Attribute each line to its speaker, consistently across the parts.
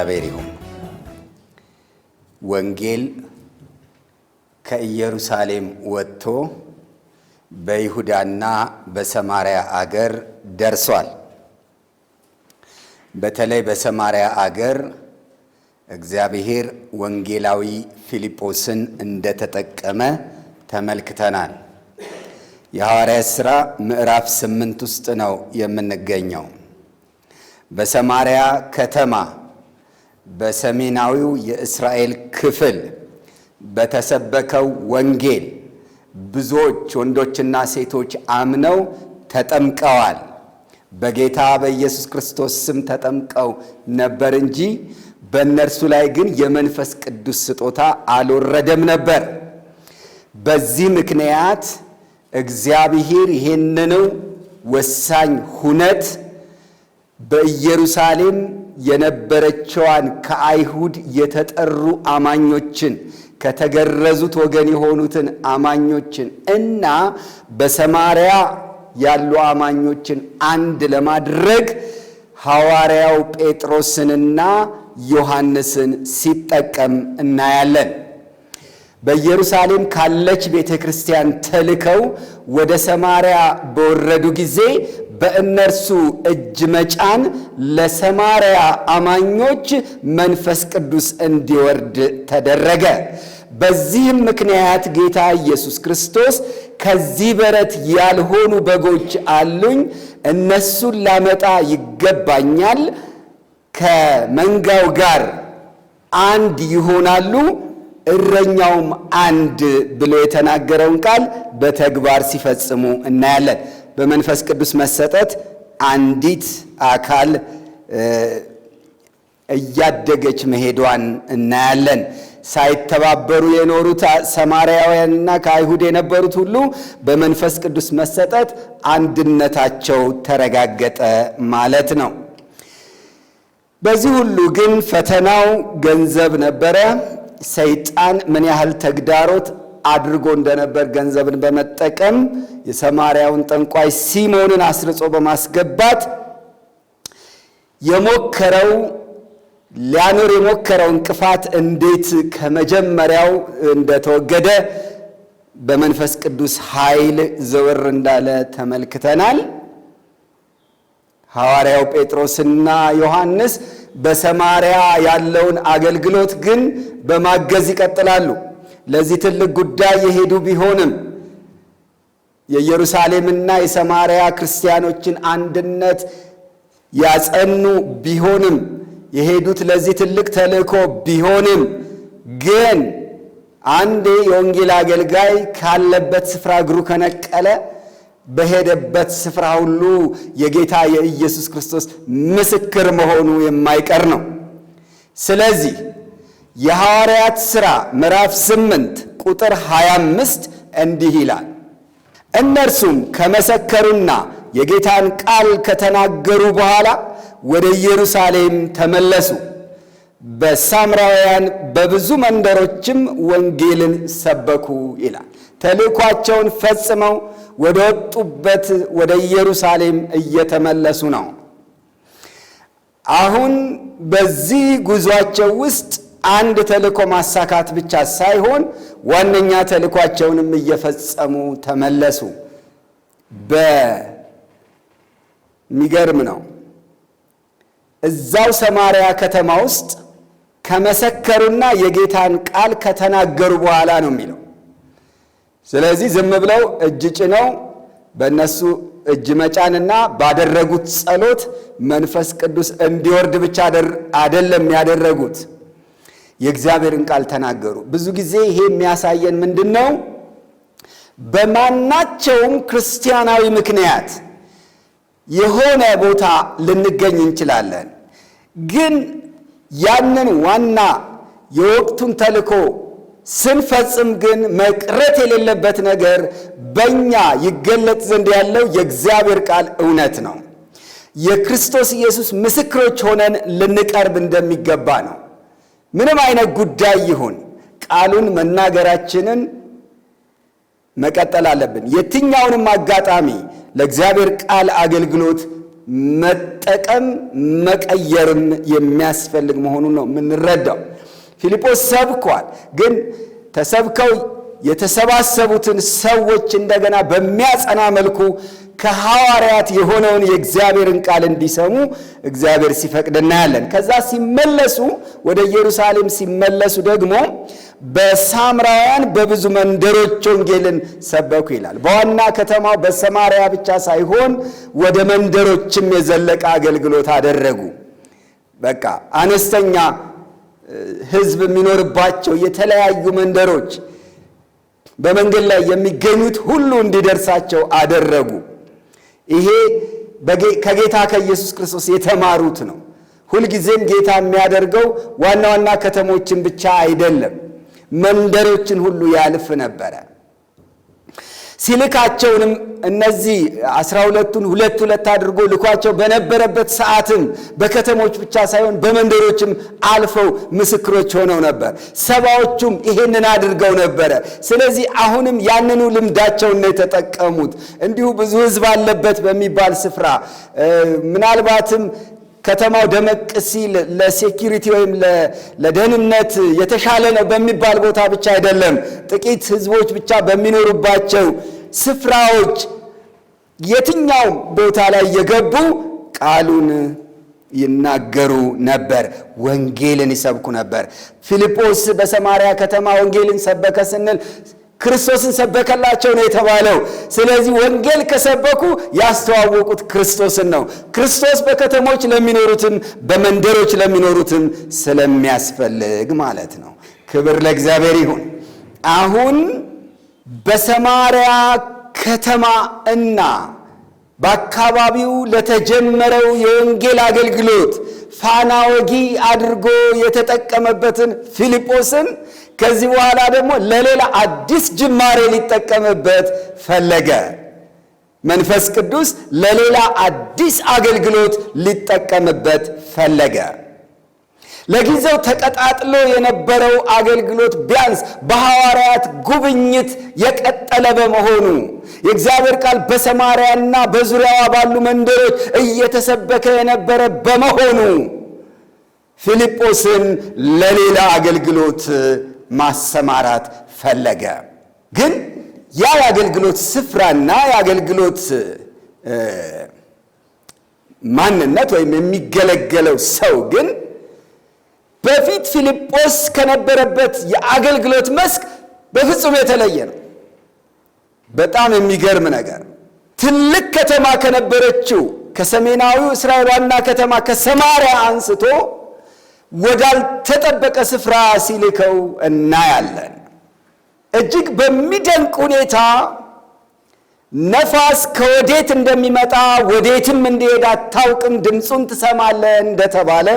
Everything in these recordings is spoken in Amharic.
Speaker 1: እግዚአብሔር ወንጌል ከኢየሩሳሌም ወጥቶ በይሁዳና በሰማሪያ አገር ደርሷል። በተለይ በሰማሪያ አገር እግዚአብሔር ወንጌላዊ ፊልጶስን እንደተጠቀመ ተመልክተናል። የሐዋርያ ሥራ ምዕራፍ ስምንት ውስጥ ነው የምንገኘው። በሰማሪያ ከተማ በሰሜናዊው የእስራኤል ክፍል በተሰበከው ወንጌል ብዙዎች ወንዶችና ሴቶች አምነው ተጠምቀዋል። በጌታ በኢየሱስ ክርስቶስ ስም ተጠምቀው ነበር እንጂ በእነርሱ ላይ ግን የመንፈስ ቅዱስ ስጦታ አልወረደም ነበር። በዚህ ምክንያት እግዚአብሔር ይህንኑ ወሳኝ ሁነት በኢየሩሳሌም የነበረችዋን ከአይሁድ የተጠሩ አማኞችን ከተገረዙት ወገን የሆኑትን አማኞችን እና በሰማሪያ ያሉ አማኞችን አንድ ለማድረግ ሐዋርያው ጴጥሮስንና ዮሐንስን ሲጠቀም እናያለን። በኢየሩሳሌም ካለች ቤተ ክርስቲያን ተልከው ወደ ሰማሪያ በወረዱ ጊዜ በእነርሱ እጅ መጫን ለሰማርያ አማኞች መንፈስ ቅዱስ እንዲወርድ ተደረገ። በዚህም ምክንያት ጌታ ኢየሱስ ክርስቶስ ከዚህ በረት ያልሆኑ በጎች አሉኝ፣ እነሱን ላመጣ ይገባኛል፣ ከመንጋው ጋር አንድ ይሆናሉ፣ እረኛውም አንድ ብሎ የተናገረውን ቃል በተግባር ሲፈጽሙ እናያለን። በመንፈስ ቅዱስ መሰጠት አንዲት አካል እያደገች መሄዷን እናያለን። ሳይተባበሩ የኖሩት ሰማርያውያንና ከአይሁድ የነበሩት ሁሉ በመንፈስ ቅዱስ መሰጠት አንድነታቸው ተረጋገጠ ማለት ነው። በዚህ ሁሉ ግን ፈተናው ገንዘብ ነበረ። ሰይጣን ምን ያህል ተግዳሮት አድርጎ እንደነበር ገንዘብን በመጠቀም የሰማርያውን ጠንቋይ ሲሞንን አስርጾ በማስገባት የሞከረው ሊያኖር የሞከረው እንቅፋት እንዴት ከመጀመሪያው እንደተወገደ በመንፈስ ቅዱስ ኃይል ዘወር እንዳለ ተመልክተናል። ሐዋርያው ጴጥሮስና ዮሐንስ በሰማርያ ያለውን አገልግሎት ግን በማገዝ ይቀጥላሉ። ለዚህ ትልቅ ጉዳይ የሄዱ ቢሆንም የኢየሩሳሌምና የሰማርያ ክርስቲያኖችን አንድነት ያጸኑ ቢሆንም የሄዱት ለዚህ ትልቅ ተልእኮ ቢሆንም ግን አንድ የወንጌል አገልጋይ ካለበት ስፍራ እግሩ ከነቀለ በሄደበት ስፍራ ሁሉ የጌታ የኢየሱስ ክርስቶስ ምስክር መሆኑ የማይቀር ነው። ስለዚህ የሐዋርያት ሥራ ምዕራፍ 8 ቁጥር 25 እንዲህ ይላል፣ እነርሱም ከመሰከሩና የጌታን ቃል ከተናገሩ በኋላ ወደ ኢየሩሳሌም ተመለሱ። በሳምራውያን በብዙ መንደሮችም ወንጌልን ሰበኩ ይላል። ተልእኳቸውን ፈጽመው ወደ ወጡበት ወደ ኢየሩሳሌም እየተመለሱ ነው። አሁን በዚህ ጉዟቸው ውስጥ አንድ ተልእኮ ማሳካት ብቻ ሳይሆን ዋነኛ ተልእኳቸውንም እየፈጸሙ ተመለሱ። በሚገርም ነው። እዛው ሰማርያ ከተማ ውስጥ ከመሰከሩና የጌታን ቃል ከተናገሩ በኋላ ነው የሚለው። ስለዚህ ዝም ብለው እጅ ጭነው በእነሱ እጅ መጫንና ባደረጉት ጸሎት መንፈስ ቅዱስ እንዲወርድ ብቻ አይደለም ያደረጉት የእግዚአብሔርን ቃል ተናገሩ። ብዙ ጊዜ ይሄ የሚያሳየን ምንድን ነው? በማናቸውም ክርስቲያናዊ ምክንያት የሆነ ቦታ ልንገኝ እንችላለን። ግን ያንን ዋና የወቅቱን ተልእኮ ስንፈጽም ግን መቅረት የሌለበት ነገር በእኛ ይገለጥ ዘንድ ያለው የእግዚአብሔር ቃል እውነት ነው። የክርስቶስ ኢየሱስ ምስክሮች ሆነን ልንቀርብ እንደሚገባ ነው። ምንም አይነት ጉዳይ ይሁን ቃሉን መናገራችንን መቀጠል አለብን። የትኛውንም አጋጣሚ ለእግዚአብሔር ቃል አገልግሎት መጠቀም መቀየርም የሚያስፈልግ መሆኑን ነው የምንረዳው። ፊልጶስ ሰብኳል፣ ግን ተሰብከው የተሰባሰቡትን ሰዎች እንደገና በሚያጸና መልኩ ከሐዋርያት የሆነውን የእግዚአብሔርን ቃል እንዲሰሙ እግዚአብሔር ሲፈቅድ እናያለን። ከዛ ሲመለሱ ወደ ኢየሩሳሌም ሲመለሱ ደግሞ በሳምራውያን በብዙ መንደሮች ወንጌልን ሰበኩ ይላል። በዋና ከተማው በሰማርያ ብቻ ሳይሆን ወደ መንደሮችም የዘለቀ አገልግሎት አደረጉ። በቃ አነስተኛ ሕዝብ የሚኖርባቸው የተለያዩ መንደሮች በመንገድ ላይ የሚገኙት ሁሉ እንዲደርሳቸው አደረጉ። ይሄ ከጌታ ከኢየሱስ ክርስቶስ የተማሩት ነው። ሁልጊዜም ጌታ የሚያደርገው ዋና ዋና ከተሞችን ብቻ አይደለም፣ መንደሮችን ሁሉ ያልፍ ነበረ። ሲልካቸውንም እነዚህ አስራ ሁለቱን ሁለት ሁለት አድርጎ ልኳቸው በነበረበት ሰዓትም በከተሞች ብቻ ሳይሆን በመንደሮችም አልፈው ምስክሮች ሆነው ነበር። ሰባዎቹም ይሄንን አድርገው ነበረ። ስለዚህ አሁንም ያንኑ ልምዳቸውን ነው የተጠቀሙት። እንዲሁ ብዙ ሕዝብ አለበት በሚባል ስፍራ ምናልባትም ከተማው ደመቅ ሲል ለሴኪሪቲ ወይም ለደህንነት የተሻለ ነው በሚባል ቦታ ብቻ አይደለም፣ ጥቂት ህዝቦች ብቻ በሚኖሩባቸው ስፍራዎች የትኛው ቦታ ላይ የገቡ ቃሉን ይናገሩ ነበር፣ ወንጌልን ይሰብኩ ነበር። ፊልጶስ በሰማሪያ ከተማ ወንጌልን ሰበከ ስንል ክርስቶስን ሰበከላቸው ነው የተባለው። ስለዚህ ወንጌል ከሰበኩ ያስተዋወቁት ክርስቶስን ነው። ክርስቶስ በከተሞች ለሚኖሩትም በመንደሮች ለሚኖሩትም ስለሚያስፈልግ ማለት ነው። ክብር ለእግዚአብሔር ይሁን። አሁን በሰማርያ ከተማ እና በአካባቢው ለተጀመረው የወንጌል አገልግሎት ፋና ወጊ አድርጎ የተጠቀመበትን ፊልጶስን ከዚህ በኋላ ደግሞ ለሌላ አዲስ ጅማሬ ሊጠቀምበት ፈለገ። መንፈስ ቅዱስ ለሌላ አዲስ አገልግሎት ሊጠቀምበት ፈለገ። ለጊዜው ተቀጣጥሎ የነበረው አገልግሎት ቢያንስ በሐዋርያት ጉብኝት የቀጠለ በመሆኑ የእግዚአብሔር ቃል በሰማርያና በዙሪያዋ ባሉ መንደሮች እየተሰበከ የነበረ በመሆኑ ፊልጶስን ለሌላ አገልግሎት ማሰማራት ፈለገ። ግን ያ የአገልግሎት ስፍራና የአገልግሎት ማንነት ወይም የሚገለገለው ሰው ግን በፊት ፊልጶስ ከነበረበት የአገልግሎት መስክ በፍጹም የተለየ ነው። በጣም የሚገርም ነገር ትልቅ ከተማ ከነበረችው ከሰሜናዊው እስራኤል ዋና ከተማ ከሰማሪያ አንስቶ ወዳልተጠበቀ ስፍራ ሲልከው እናያለን። እጅግ በሚደንቅ ሁኔታ ነፋስ ከወዴት እንደሚመጣ ወዴትም እንደሄድ አታውቅም፣ ድምፁን ትሰማለህ እንደተባለ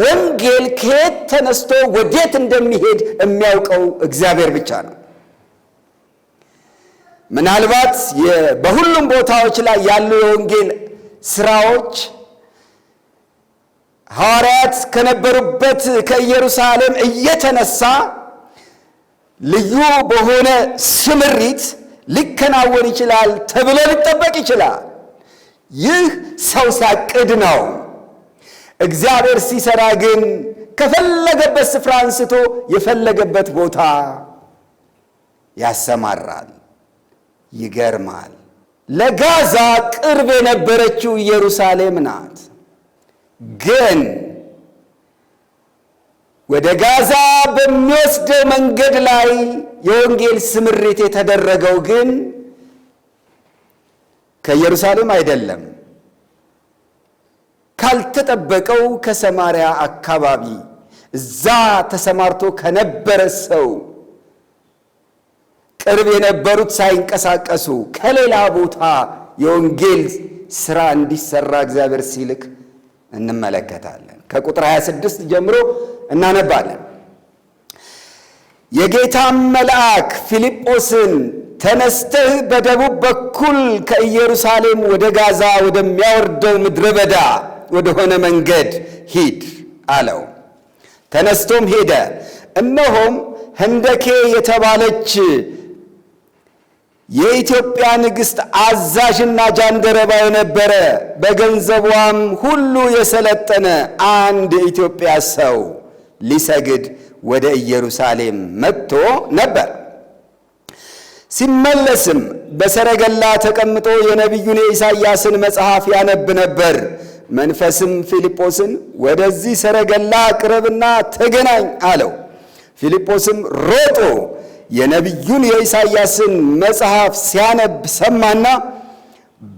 Speaker 1: ወንጌል ከየት ተነስቶ ወዴት እንደሚሄድ የሚያውቀው እግዚአብሔር ብቻ ነው። ምናልባት በሁሉም ቦታዎች ላይ ያሉ የወንጌል ስራዎች ሐዋርያት ከነበሩበት ከኢየሩሳሌም እየተነሳ ልዩ በሆነ ስምሪት ሊከናወን ይችላል ተብሎ ሊጠበቅ ይችላል። ይህ ሰው ሳቅድ ነው። እግዚአብሔር ሲሰራ ግን ከፈለገበት ስፍራ አንስቶ የፈለገበት ቦታ ያሰማራል። ይገርማል። ለጋዛ ቅርብ የነበረችው ኢየሩሳሌም ናት። ግን ወደ ጋዛ በሚወስደው መንገድ ላይ የወንጌል ስምሪት የተደረገው ግን ከኢየሩሳሌም አይደለም፣ ካልተጠበቀው ከሰማርያ አካባቢ እዛ ተሰማርቶ ከነበረ ሰው ቅርብ የነበሩት ሳይንቀሳቀሱ ከሌላ ቦታ የወንጌል ስራ እንዲሰራ እግዚአብሔር ሲልክ እንመለከታለን። ከቁጥር 26 ጀምሮ እናነባለን። የጌታም መልአክ ፊልጶስን ተነስተህ በደቡብ በኩል ከኢየሩሳሌም ወደ ጋዛ ወደሚያወርደው ምድረ በዳ ወደሆነ መንገድ ሂድ አለው። ተነስቶም ሄደ። እነሆም ህንደኬ የተባለች የኢትዮጵያ ንግሥት አዛዥና ጃንደረባ የነበረ በገንዘቧም ሁሉ የሰለጠነ አንድ ኢትዮጵያ ሰው ሊሰግድ ወደ ኢየሩሳሌም መጥቶ ነበር። ሲመለስም በሰረገላ ተቀምጦ የነቢዩን የኢሳይያስን መጽሐፍ ያነብ ነበር። መንፈስም ፊልጶስን ወደዚህ ሰረገላ ቅረብና ተገናኝ አለው። ፊልጶስም ሮጦ የነቢዩን የኢሳይያስን መጽሐፍ ሲያነብ ሰማና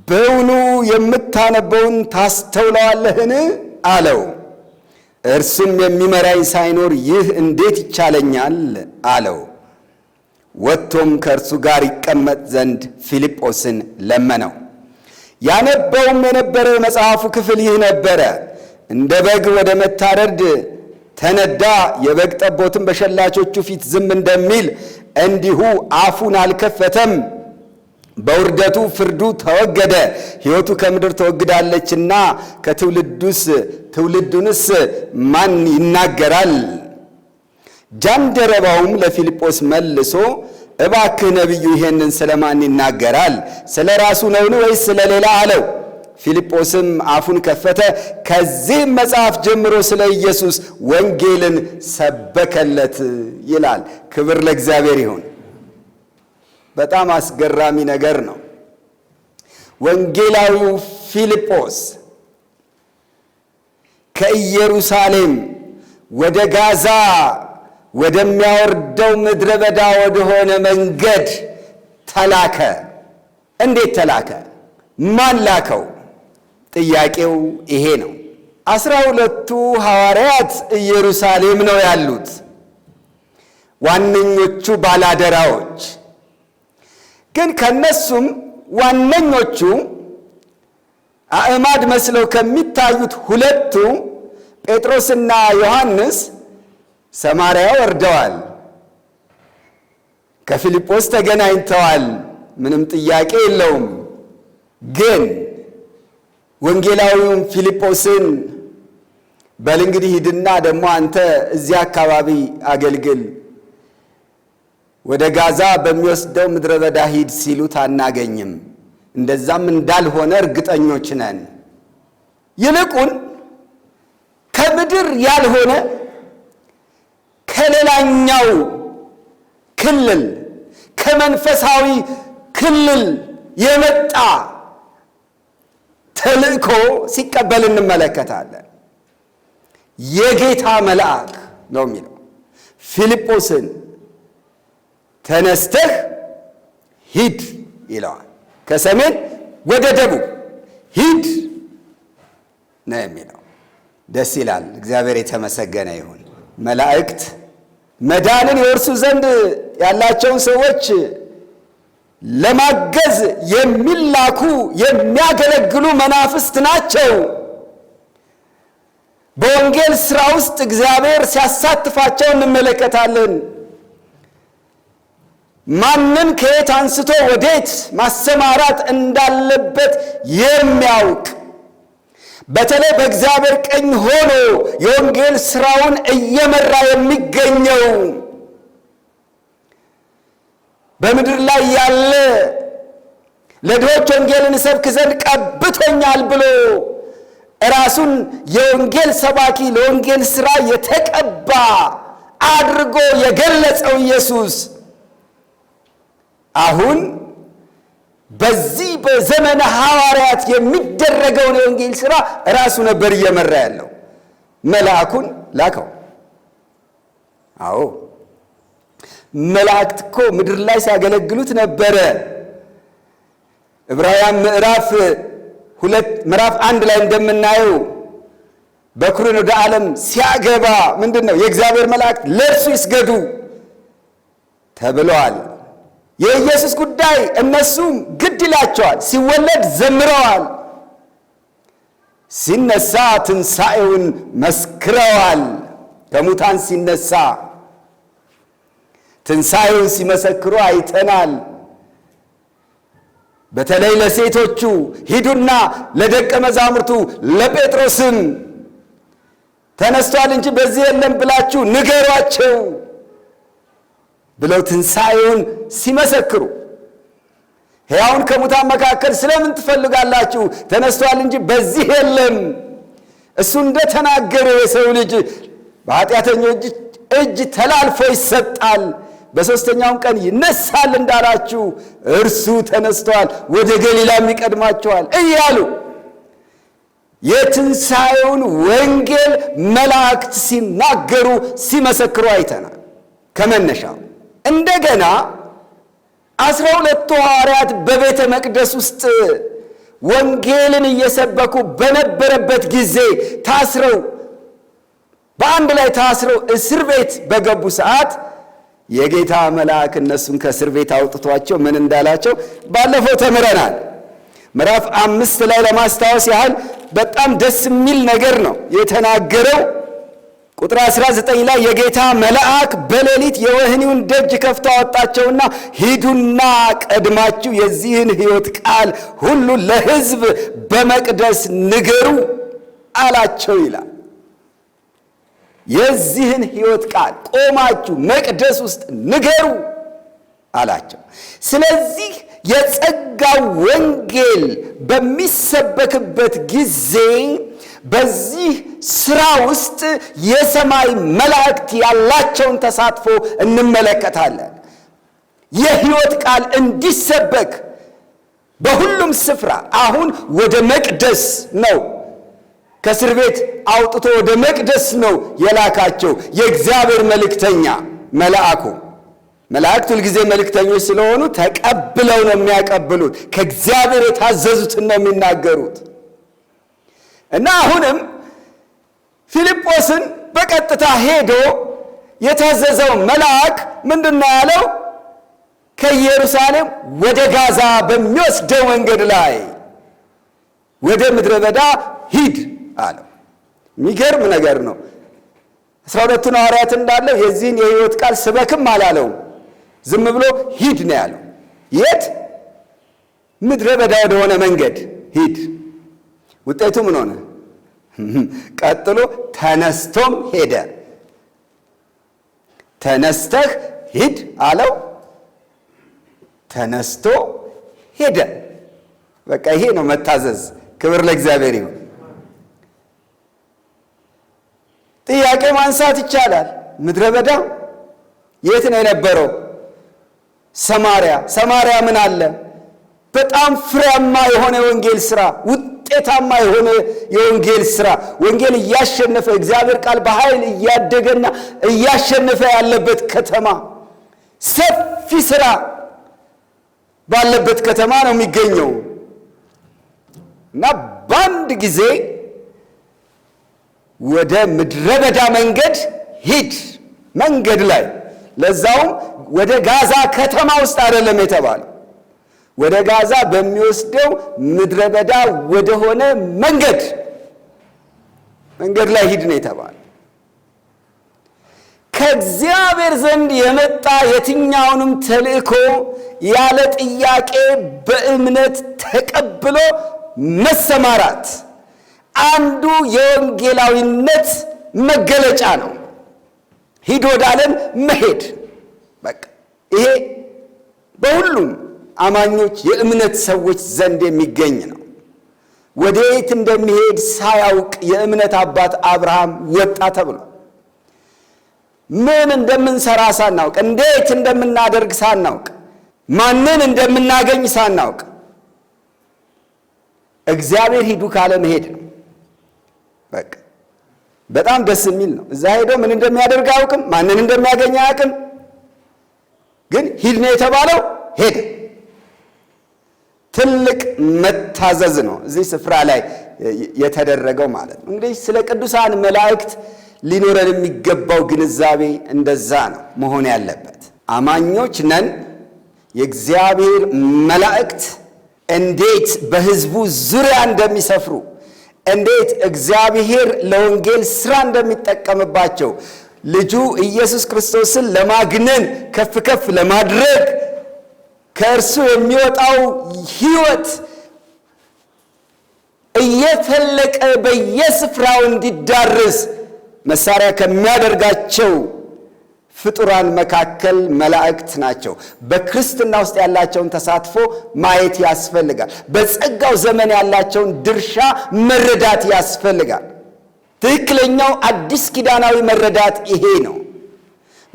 Speaker 1: በውኑ የምታነበውን ታስተውለዋለህን አለው። እርሱም የሚመራኝ ሳይኖር ይህ እንዴት ይቻለኛል አለው። ወጥቶም ከእርሱ ጋር ይቀመጥ ዘንድ ፊልጶስን ለመነው። ያነበውም የነበረ የመጽሐፉ ክፍል ይህ ነበረ። እንደ በግ ወደ መታረድ ተነዳ የበግ ጠቦትን በሸላቾቹ ፊት ዝም እንደሚል እንዲሁ አፉን አልከፈተም። በውርደቱ ፍርዱ ተወገደ፣ ሕይወቱ ከምድር ተወግዳለችና ከትውልዱስ ትውልዱንስ ማን ይናገራል? ጃንደረባውም ለፊልጶስ መልሶ እባክህ ነቢዩ ይሄንን ስለማን ይናገራል? ስለ ራሱ ነውን ወይስ ስለ ሌላ አለው። ፊልጶስም አፉን ከፈተ፣ ከዚህም መጽሐፍ ጀምሮ ስለ ኢየሱስ ወንጌልን ሰበከለት ይላል። ክብር ለእግዚአብሔር ይሁን። በጣም አስገራሚ ነገር ነው። ወንጌላዊው ፊልጶስ ከኢየሩሳሌም ወደ ጋዛ ወደሚያወርደው ምድረ በዳ ወደሆነ መንገድ ተላከ። እንዴት ተላከ? ማን ላከው? ጥያቄው ይሄ ነው። አስራ ሁለቱ ሐዋርያት ኢየሩሳሌም ነው ያሉት፣ ዋነኞቹ ባላደራዎች ግን ከነሱም ዋነኞቹ አእማድ መስለው ከሚታዩት ሁለቱ ጴጥሮስና ዮሐንስ ሰማርያ ወርደዋል፣ ከፊልጶስ ተገናኝተዋል። ምንም ጥያቄ የለውም ግን ወንጌላዊውን ፊልጶስን በል እንግዲህ ሂድና ደግሞ አንተ እዚያ አካባቢ አገልግል፣ ወደ ጋዛ በሚወስደው ምድረ በዳ ሂድ ሲሉት አናገኝም። እንደዛም እንዳልሆነ እርግጠኞች ነን። ይልቁን ከምድር ያልሆነ ከሌላኛው ክልል ከመንፈሳዊ ክልል የመጣ ተልእኮ ሲቀበል እንመለከታለን። የጌታ መልአክ ነው የሚለው ፊልጶስን ተነስተህ ሂድ ይለዋል። ከሰሜን ወደ ደቡብ ሂድ ነው የሚለው። ደስ ይላል። እግዚአብሔር የተመሰገነ ይሁን። መላእክት መዳንን የወርሱ ዘንድ ያላቸውን ሰዎች ለማገዝ የሚላኩ የሚያገለግሉ መናፍስት ናቸው። በወንጌል ሥራ ውስጥ እግዚአብሔር ሲያሳትፋቸው እንመለከታለን። ማንን ከየት አንስቶ ወዴት ማሰማራት እንዳለበት የሚያውቅ በተለይ በእግዚአብሔር ቀኝ ሆኖ የወንጌል ሥራውን እየመራ የሚገኘው በምድር ላይ ያለ ለድሆች ወንጌልን እሰብክ ዘንድ ቀብቶኛል ብሎ ራሱን የወንጌል ሰባኪ ለወንጌል ሥራ የተቀባ አድርጎ የገለጸው ኢየሱስ አሁን በዚህ በዘመነ ሐዋርያት የሚደረገውን የወንጌል ሥራ ራሱ ነበር እየመራ ያለው። መልአኩን ላከው። አዎ መላእክት እኮ ምድር ላይ ሲያገለግሉት ነበረ። ዕብራውያን ምዕራፍ ሁለት ምዕራፍ አንድ ላይ እንደምናየው በኩርን ወደ ዓለም ሲያገባ ምንድን ነው የእግዚአብሔር መላእክት ለእርሱ ይስገዱ ተብለዋል። የኢየሱስ ጉዳይ እነሱም ግድ ይላቸዋል። ሲወለድ ዘምረዋል፣ ሲነሳ ትንሣኤውን መስክረዋል። ከሙታን ሲነሳ ትንሣኤውን ሲመሰክሩ አይተናል። በተለይ ለሴቶቹ ሂዱና ለደቀ መዛሙርቱ ለጴጥሮስም ተነስቷል እንጂ በዚህ የለም ብላችሁ ንገሯቸው ብለው ትንሣኤውን ሲመሰክሩ ሕያውን ከሙታን መካከል ስለምን ትፈልጋላችሁ? ተነስቷል እንጂ በዚህ የለም። እሱ እንደተናገረ የሰው ልጅ በኃጢአተኞች እጅ ተላልፎ ይሰጣል። በሦስተኛውም ቀን ይነሳል እንዳላችሁ እርሱ ተነስተዋል፣ ወደ ገሊላም ይቀድማቸዋል እያሉ የትንሣኤውን ወንጌል መላእክት ሲናገሩ ሲመሰክሩ አይተናል። ከመነሻው እንደገና አስራ ሁለቱ ሐዋርያት በቤተ መቅደስ ውስጥ ወንጌልን እየሰበኩ በነበረበት ጊዜ ታስረው በአንድ ላይ ታስረው እስር ቤት በገቡ ሰዓት የጌታ መልአክ እነሱን ከእስር ቤት አውጥቷቸው ምን እንዳላቸው ባለፈው ተምረናል። ምዕራፍ አምስት ላይ ለማስታወስ ያህል በጣም ደስ የሚል ነገር ነው የተናገረው።
Speaker 2: ቁጥር 19 ላይ የጌታ
Speaker 1: መልአክ በሌሊት የወህኒውን ደጅ ከፍቶ አወጣቸውና ሂዱና ቀድማችሁ የዚህን ሕይወት ቃል ሁሉ ለሕዝብ በመቅደስ ንገሩ አላቸው ይላል። የዚህን ሕይወት ቃል ቆማችሁ መቅደስ ውስጥ ንገሩ አላቸው። ስለዚህ የጸጋው ወንጌል በሚሰበክበት ጊዜ በዚህ ስራ ውስጥ የሰማይ መላእክት ያላቸውን ተሳትፎ እንመለከታለን። የሕይወት ቃል እንዲሰበክ በሁሉም ስፍራ አሁን ወደ መቅደስ ነው ከእስር ቤት አውጥቶ ወደ መቅደስ ነው የላካቸው የእግዚአብሔር መልእክተኛ መልአኩ። መላእክት ሁልጊዜ መልእክተኞች ስለሆኑ ተቀብለው ነው የሚያቀብሉት። ከእግዚአብሔር የታዘዙትን ነው የሚናገሩት። እና አሁንም ፊልጶስን በቀጥታ ሄዶ የታዘዘው መልአክ ምንድን ነው ያለው? ከኢየሩሳሌም ወደ ጋዛ በሚወስደው መንገድ ላይ ወደ ምድረ በዳ ሂድ አለው። የሚገርም ነገር ነው። አስራ ሁለቱን ሐዋርያት እንዳለው የዚህን የህይወት ቃል ስበክም አላለውም። ዝም ብሎ ሂድ ነው ያለው። የት? ምድረ በዳ ወደሆነ መንገድ ሂድ። ውጤቱ ምን ሆነ? ቀጥሎ ተነስቶም ሄደ። ተነስተህ ሂድ አለው። ተነስቶ ሄደ። በቃ ይሄ ነው መታዘዝ። ክብር ለእግዚአብሔር ይሁን። ጥያቄ ማንሳት ይቻላል። ምድረ በዳ የት ነው የነበረው? ሰማሪያ። ሰማሪያ ምን አለ? በጣም ፍሬያማ የሆነ የወንጌል ስራ፣ ውጤታማ የሆነ የወንጌል ስራ፣ ወንጌል እያሸነፈ እግዚአብሔር ቃል በኃይል እያደገና እያሸነፈ ያለበት ከተማ፣ ሰፊ ስራ ባለበት ከተማ ነው የሚገኘው እና በአንድ ጊዜ ወደ ምድረ በዳ መንገድ ሂድ። መንገድ ላይ ለዛውም ወደ ጋዛ ከተማ ውስጥ አይደለም የተባለው፣ ወደ ጋዛ በሚወስደው ምድረ በዳ ወደሆነ መንገድ መንገድ ላይ ሂድ ነው የተባለ። ከእግዚአብሔር ዘንድ የመጣ የትኛውንም ተልእኮ ያለ ጥያቄ በእምነት ተቀብሎ መሰማራት አንዱ የወንጌላዊነት መገለጫ ነው። ሂድ ወደ ዓለም መሄድ። በቃ ይሄ በሁሉም አማኞች የእምነት ሰዎች ዘንድ የሚገኝ ነው። ወደየት እንደሚሄድ ሳያውቅ የእምነት አባት አብርሃም ወጣ ተብሎ ምን እንደምንሰራ ሳናውቅ፣ እንዴት እንደምናደርግ ሳናውቅ፣ ማንን እንደምናገኝ ሳናውቅ እግዚአብሔር ሂዱ ካለ መሄድ ነው። በቃ በጣም ደስ የሚል ነው። እዛ ሄዶ ምን እንደሚያደርግ አያውቅም፣ ማንን እንደሚያገኝ አያውቅም። ግን ሂድ ነው የተባለው፣ ሄደ። ትልቅ መታዘዝ ነው እዚህ ስፍራ ላይ የተደረገው ማለት ነው። እንግዲህ ስለ ቅዱሳን መላእክት ሊኖረን የሚገባው ግንዛቤ እንደዛ ነው መሆን ያለበት። አማኞች ነን። የእግዚአብሔር መላእክት እንዴት በሕዝቡ ዙሪያ እንደሚሰፍሩ እንዴት እግዚአብሔር ለወንጌል ስራ እንደሚጠቀምባቸው ልጁ ኢየሱስ ክርስቶስን ለማግነን ከፍ ከፍ ለማድረግ ከእርሱ የሚወጣው ህይወት እየፈለቀ በየስፍራው እንዲዳረስ መሳሪያ ከሚያደርጋቸው ፍጡራን መካከል መላእክት ናቸው። በክርስትና ውስጥ ያላቸውን ተሳትፎ ማየት ያስፈልጋል። በጸጋው ዘመን ያላቸውን ድርሻ መረዳት ያስፈልጋል። ትክክለኛው አዲስ ኪዳናዊ መረዳት ይሄ ነው።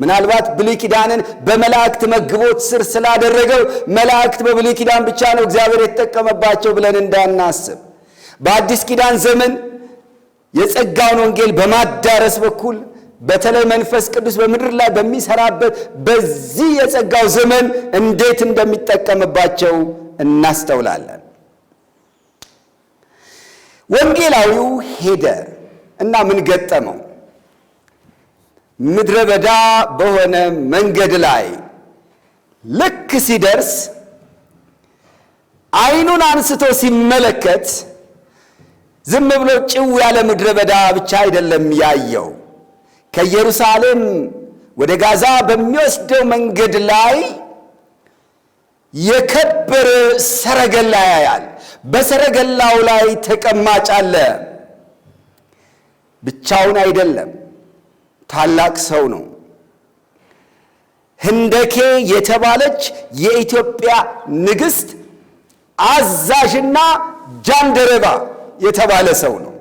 Speaker 1: ምናልባት ብሉይ ኪዳንን በመላእክት መግቦት ስር ስላደረገው መላእክት በብሉይ ኪዳን ብቻ ነው እግዚአብሔር የተጠቀመባቸው ብለን እንዳናስብ፣ በአዲስ ኪዳን ዘመን የጸጋውን ወንጌል በማዳረስ በኩል በተለይ መንፈስ ቅዱስ በምድር ላይ በሚሰራበት በዚህ የጸጋው ዘመን እንዴት እንደሚጠቀምባቸው እናስተውላለን። ወንጌላዊው ሄደ እና ምን ገጠመው? ምድረ በዳ በሆነ መንገድ ላይ ልክ ሲደርስ ዓይኑን አንስቶ ሲመለከት ዝም ብሎ ጭው ያለ ምድረ በዳ ብቻ አይደለም ያየው ከኢየሩሳሌም ወደ ጋዛ በሚወስደው መንገድ ላይ የከበረ ሰረገላ ያያል። በሰረገላው ላይ ተቀማጭ አለ። ብቻውን አይደለም፣ ታላቅ ሰው ነው። ህንደኬ የተባለች የኢትዮጵያ ንግሥት አዛዥና ጃንደረባ የተባለ ሰው ነው።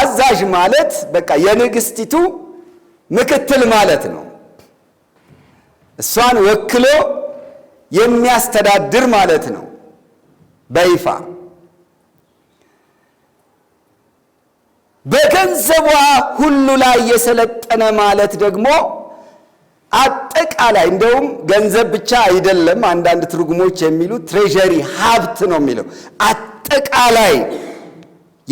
Speaker 1: አዛዥ ማለት በቃ የንግስቲቱ ምክትል ማለት ነው። እሷን ወክሎ የሚያስተዳድር ማለት ነው በይፋ በገንዘቧ ሁሉ ላይ የሰለጠነ ማለት ደግሞ አጠቃላይ እንደውም ገንዘብ ብቻ አይደለም። አንዳንድ ትርጉሞች የሚሉ ትሬዠሪ ሀብት ነው የሚለው አጠቃላይ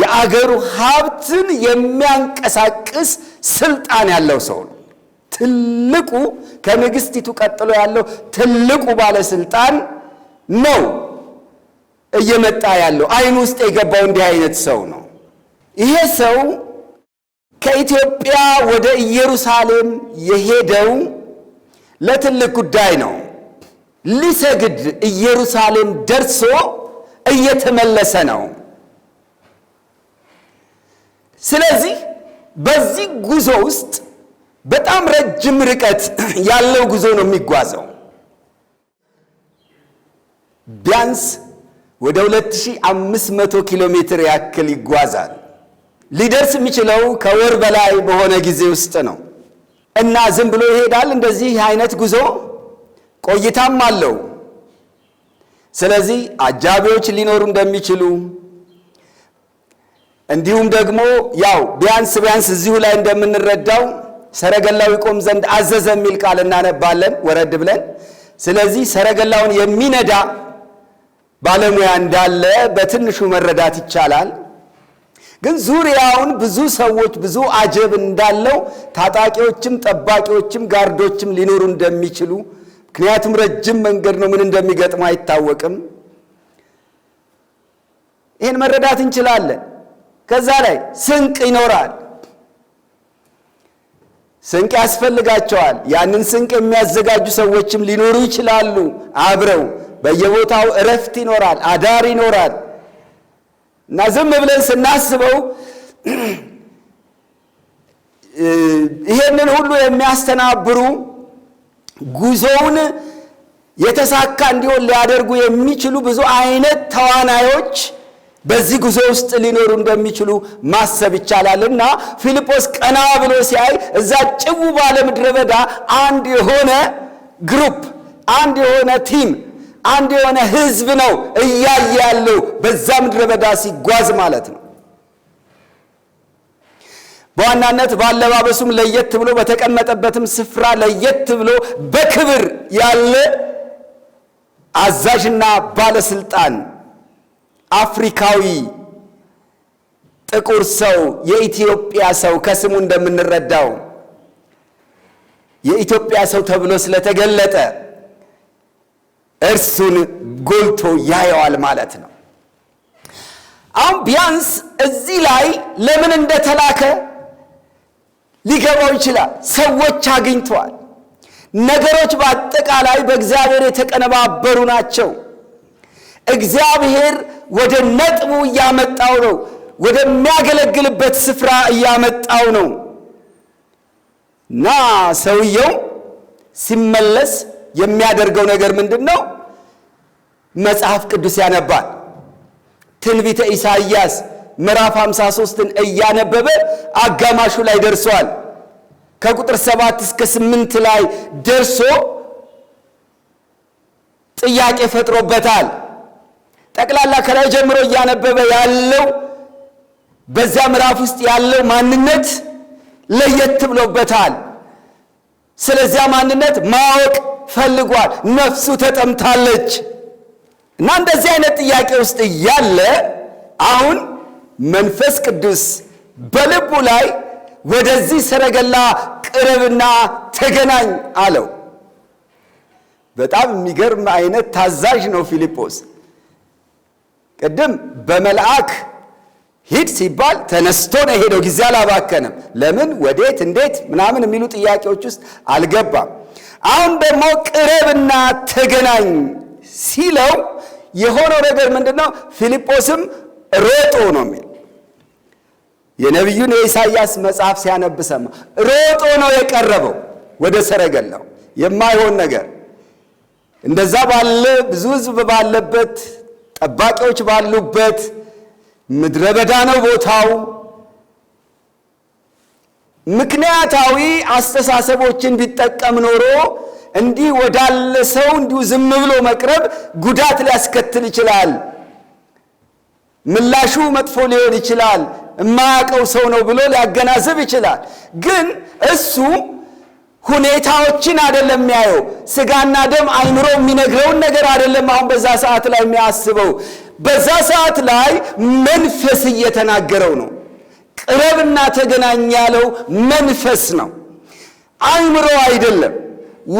Speaker 1: የአገሩ ሀብትን የሚያንቀሳቅስ ስልጣን ያለው ሰው ነው። ትልቁ ከንግስቲቱ ቀጥሎ ያለው ትልቁ ባለስልጣን ነው እየመጣ ያለው። አይን ውስጥ የገባው እንዲህ አይነት ሰው ነው። ይሄ ሰው ከኢትዮጵያ ወደ ኢየሩሳሌም የሄደው ለትልቅ ጉዳይ ነው። ሊሰግድ ኢየሩሳሌም ደርሶ እየተመለሰ ነው። ስለዚህ በዚህ ጉዞ ውስጥ በጣም ረጅም ርቀት ያለው ጉዞ ነው የሚጓዘው። ቢያንስ ወደ 2500 ኪሎ ሜትር ያክል ይጓዛል። ሊደርስ የሚችለው ከወር በላይ በሆነ ጊዜ ውስጥ ነው እና ዝም ብሎ ይሄዳል። እንደዚህ አይነት ጉዞ ቆይታም አለው። ስለዚህ አጃቢዎች ሊኖሩ እንደሚችሉ እንዲሁም ደግሞ ያው ቢያንስ ቢያንስ እዚሁ ላይ እንደምንረዳው ሰረገላው ይቆም ዘንድ አዘዘ የሚል ቃል እናነባለን ወረድ ብለን። ስለዚህ ሰረገላውን የሚነዳ ባለሙያ እንዳለ በትንሹ መረዳት ይቻላል። ግን ዙሪያውን ብዙ ሰዎች ብዙ አጀብ እንዳለው ታጣቂዎችም፣ ጠባቂዎችም፣ ጋርዶችም ሊኖሩ እንደሚችሉ ምክንያቱም ረጅም መንገድ ነው፣ ምን እንደሚገጥም አይታወቅም። ይህን መረዳት እንችላለን። ከዛ ላይ ስንቅ ይኖራል። ስንቅ ያስፈልጋቸዋል። ያንን ስንቅ የሚያዘጋጁ ሰዎችም ሊኖሩ ይችላሉ። አብረው በየቦታው እረፍት ይኖራል፣ አዳር ይኖራል እና ዝም ብለን ስናስበው ይሄንን ሁሉ የሚያስተናብሩ ጉዞውን የተሳካ እንዲሆን ሊያደርጉ የሚችሉ ብዙ አይነት ተዋናዮች በዚህ ጉዞ ውስጥ ሊኖሩ እንደሚችሉ ማሰብ ይቻላል እና ፊልጶስ ቀና ብሎ ሲያይ እዛ ጭው ባለ ምድረ በዳ አንድ የሆነ ግሩፕ፣ አንድ የሆነ ቲም፣ አንድ የሆነ ህዝብ ነው እያየ ያለው በዛ ምድረ በዳ ሲጓዝ ማለት ነው። በዋናነት በአለባበሱም ለየት ብሎ በተቀመጠበትም ስፍራ ለየት ብሎ በክብር ያለ አዛዥና ባለስልጣን አፍሪካዊ ጥቁር ሰው የኢትዮጵያ ሰው ከስሙ እንደምንረዳው የኢትዮጵያ ሰው ተብሎ ስለተገለጠ እርሱን ጎልቶ ያየዋል ማለት ነው። አሁን ቢያንስ እዚህ ላይ ለምን እንደተላከ ሊገባው ይችላል። ሰዎች አግኝተዋል። ነገሮች በአጠቃላይ በእግዚአብሔር የተቀነባበሩ ናቸው። እግዚአብሔር ወደ ነጥቡ እያመጣው ነው። ወደሚያገለግልበት ስፍራ እያመጣው ነው እና ሰውየው ሲመለስ የሚያደርገው ነገር ምንድን ነው? መጽሐፍ ቅዱስ ያነባል። ትንቢተ ኢሳይያስ ምዕራፍ 53ን እያነበበ አጋማሹ ላይ ደርሷል። ከቁጥር 7 እስከ 8 ላይ ደርሶ ጥያቄ ፈጥሮበታል። ጠቅላላ ከላይ ጀምሮ እያነበበ ያለው በዚያ ምዕራፍ ውስጥ ያለው ማንነት ለየት ብሎበታል። ስለዚያ ማንነት ማወቅ ፈልጓል። ነፍሱ ተጠምታለች እና እንደዚህ አይነት ጥያቄ ውስጥ እያለ አሁን መንፈስ ቅዱስ በልቡ ላይ ወደዚህ ሰረገላ ቅረብና ተገናኝ አለው። በጣም የሚገርም አይነት ታዛዥ ነው ፊልጶስ። ቅድም በመልአክ ሂድ ሲባል ተነስቶ ነው የሄደው። ጊዜ አላባከንም። ለምን ወዴት፣ እንዴት ምናምን የሚሉ ጥያቄዎች ውስጥ አልገባም። አሁን ደግሞ ቅረብና ተገናኝ ሲለው የሆነው ነገር ምንድን ነው? ፊልጶስም ሮጦ ነው የሚል የነቢዩን የኢሳይያስ መጽሐፍ ሲያነብሰማ ሮጦ ነው የቀረበው ወደ ሰረገላው። የማይሆን ነገር እንደዛ ባለ ብዙ ህዝብ ባለበት ጠባቂዎች ባሉበት ምድረ በዳ ነው ቦታው። ምክንያታዊ አስተሳሰቦችን ቢጠቀም ኖሮ እንዲህ ወዳለ ሰው እንዲሁ ዝም ብሎ መቅረብ ጉዳት ሊያስከትል ይችላል። ምላሹ መጥፎ ሊሆን ይችላል። የማያውቀው ሰው ነው ብሎ ሊያገናዝብ ይችላል። ግን እሱ ሁኔታዎችን አይደለም የሚያየው። ስጋና ደም አይምሮ የሚነግረውን ነገር አይደለም አሁን በዛ ሰዓት ላይ የሚያስበው። በዛ ሰዓት ላይ መንፈስ እየተናገረው ነው። ቅረብና ተገናኝ ያለው መንፈስ ነው፣ አይምሮ አይደለም።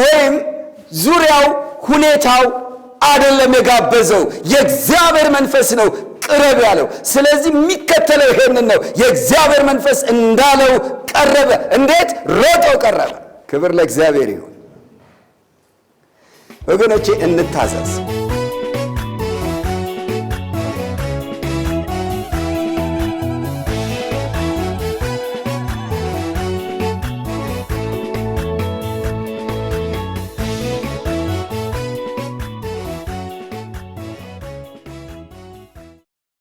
Speaker 1: ወይም ዙሪያው ሁኔታው አይደለም የጋበዘው፣ የእግዚአብሔር መንፈስ ነው ቅረብ ያለው። ስለዚህ የሚከተለው ይሄንን ነው። የእግዚአብሔር መንፈስ እንዳለው ቀረበ። እንዴት? ሮጦ ቀረበ። ክብር ለእግዚአብሔር ይሁን። ወገኖቼ እንታዘዝ።